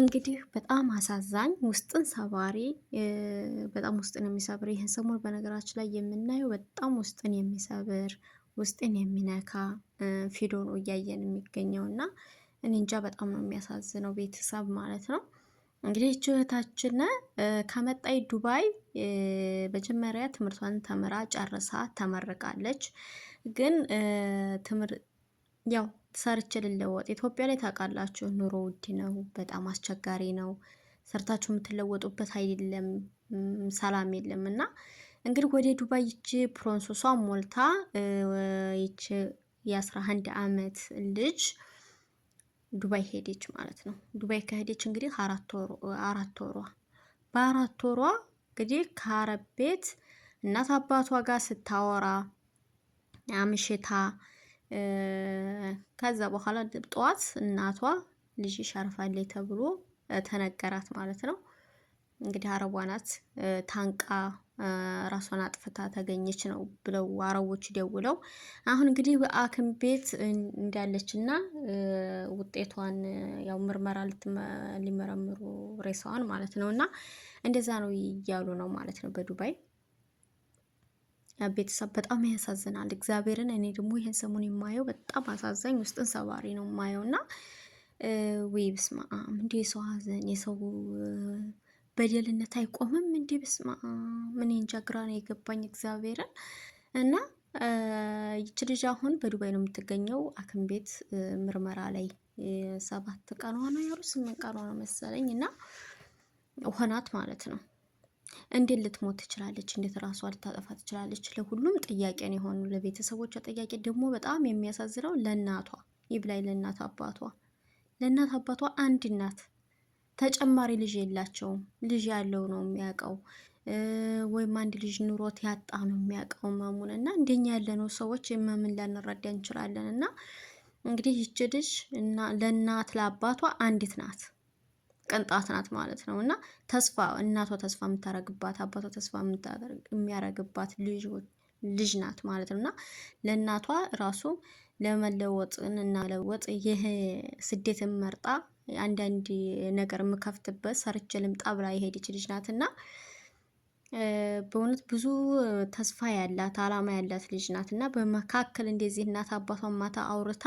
እንግዲህ በጣም አሳዛኝ ውስጥን ሰባሪ በጣም ውስጥን የሚሰብር ይህን ሰሞን በነገራችን ላይ የምናየው በጣም ውስጥን የሚሰብር ውስጥን የሚነካ ፊልም ነው እያየን የሚገኘው እና እኔ እንጃ በጣም ነው የሚያሳዝነው ቤተሰብ ማለት ነው። እንግዲህ እህታችን ከመጣይ ዱባይ መጀመሪያ ትምህርቷን ተምራ ጨርሳ ተመርቃለች። ግን ያው ሰርቼ ልለወጥ። ኢትዮጵያ ላይ ታውቃላችሁ ኑሮ ውድ ነው፣ በጣም አስቸጋሪ ነው። ሰርታችሁ የምትለወጡበት አይደለም፣ ሰላም የለም። እና እንግዲህ ወደ ዱባይ ይቺ ፕሮንሶሷ ሞልታ ይቺ የአስራ አንድ አመት ልጅ ዱባይ ሄደች ማለት ነው። ዱባይ ከሄደች እንግዲህ አራት ወሯ በአራት ወሯ እንግዲህ ከአረብ ቤት እናት አባቷ ጋር ስታወራ አምሽታ ከዛ በኋላ ጠዋት እናቷ ልጅ ሻርፋሌ ተብሎ ተነገራት ማለት ነው። እንግዲህ አረቧ ናት ታንቃ ራሷን አጥፍታ ተገኘች ነው ብለው አረቦች ደውለው አሁን እንግዲህ በአክም ቤት እንዳለች እና ውጤቷን ያው ምርመራ ሊመረምሩ ሬሳዋን ማለት ነው እና እንደዛ ነው እያሉ ነው ማለት ነው በዱባይ ቤተሰብ በጣም ያሳዝናል። እግዚአብሔርን እኔ ደግሞ ይህን ሰሞን የማየው በጣም አሳዛኝ ውስጥን ሰባሪ ነው የማየው እና ወይ ብስማ እንዲ የሰው ሀዘን የሰው በደልነት አይቆምም። እንዲ ብስማ ምን እንጃ ግራ ነው የገባኝ እግዚአብሔርን እና ይች ልጅ አሁን በዱባይ ነው የምትገኘው አክም ቤት ምርመራ ላይ ሰባት ቀኗ ነው ያሉ ስምንት ቀኗ ነው መሰለኝ እና ሆናት ማለት ነው እንዴት ልትሞት ትችላለች? እንዴት ራሷ ልታጠፋ ትችላለች? ለሁሉም ጥያቄ ነው የሆኑ ለቤተሰቦቿ ጥያቄ። ደግሞ በጣም የሚያሳዝነው ለእናቷ ይብላኝ፣ ለእናት አባቷ፣ ለእናት አባቷ አንድ እናት ተጨማሪ ልጅ የላቸውም። ልጅ ያለው ነው የሚያውቀው ወይም አንድ ልጅ ኑሮት ያጣ ነው የሚያውቀው መሙን እና እንደኛ ያለነው ሰዎች የመምን ላንረዳ እንችላለን። እና እንግዲህ ይች ልጅ ለእናት ለአባቷ አንዲት ናት። ቅንጣት ናት ማለት ነው። እና ተስፋ እናቷ ተስፋ የምታረግባት አባቷ ተስፋ የሚያረግባት ልጅ ናት ማለት ነው። እና ለእናቷ ራሱ ለመለወጥን እና ለወጥ ይህ ስደትን መርጣ አንዳንድ ነገር የምከፍትበት ሰርቼ ልምጣ ብላ የሄደች ልጅ ናት እና በእውነት ብዙ ተስፋ ያላት አላማ ያላት ልጅ ናት እና በመካከል እንደዚህ እናት አባቷን ማታ አውርታ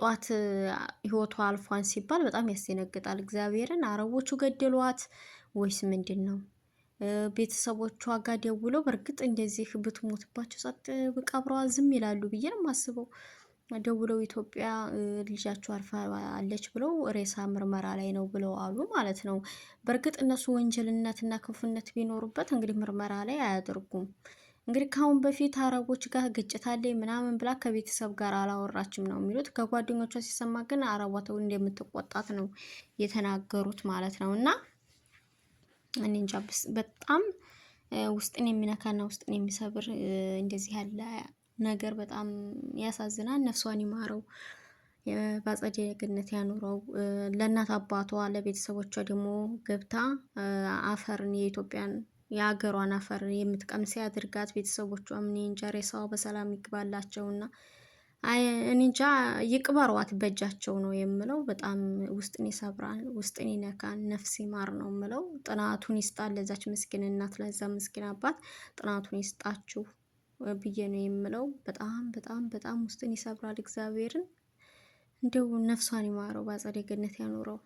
ጧት ህይወቷ አልፏን ሲባል በጣም ያስደነግጣል። እግዚአብሔርን አረቦቹ ገደሏት ወይስ ምንድን ነው? ቤተሰቦቿ ጋር ደውለው በእርግጥ እንደዚህ ብትሞትባቸው ጸጥ ቀብረዋ ዝም ይላሉ ብዬ ነው የማስበው። ደውለው ኢትዮጵያ ልጃቸው አርፋ አለች ብለው ሬሳ ምርመራ ላይ ነው ብለው አሉ ማለት ነው። በእርግጥ እነሱ ወንጀልነትና ክፉነት ቢኖሩበት እንግዲህ ምርመራ ላይ አያደርጉም። እንግዲህ ከአሁን በፊት አረቦች ጋር ግጭት አለ ምናምን ብላ ከቤተሰብ ጋር አላወራችም ነው የሚሉት። ከጓደኞቿ ሲሰማ ግን አረቧት እንደምትቆጣት ነው የተናገሩት ማለት ነው። እና እኔ እንጃ በጣም ውስጥን የሚነካና ውስጥን የሚሰብር እንደዚህ ያለ ነገር በጣም ያሳዝናል። ነፍሷን ይማረው፣ በአጸደ ገነት ያኖረው። ለእናት አባቷ ለቤተሰቦቿ ደግሞ ገብታ አፈርን የኢትዮጵያን የሀገሯን አፈር የምትቀምስ ያድርጋት። ቤተሰቦቿ ምን እንጃ ሬሳዋ በሰላም ይግባላቸውና እኔ እንጃ ይቅበሯት፣ በእጃቸው ነው የምለው። በጣም ውስጥን ይሰብራል፣ ውስጥን ይነካል። ነፍስ ይማር ነው የምለው። ጥናቱን ይስጣል ለዛች ምስኪን እናት፣ ለዛ ምስኪን አባት ጥናቱን ይስጣችሁ። ብዬ ነው የምለው። በጣም በጣም በጣም ውስጥን ይሰብራል። እግዚአብሔርን እንደው ነፍሷን ይማረው፣ በአጸደ ገነት ያኖረው።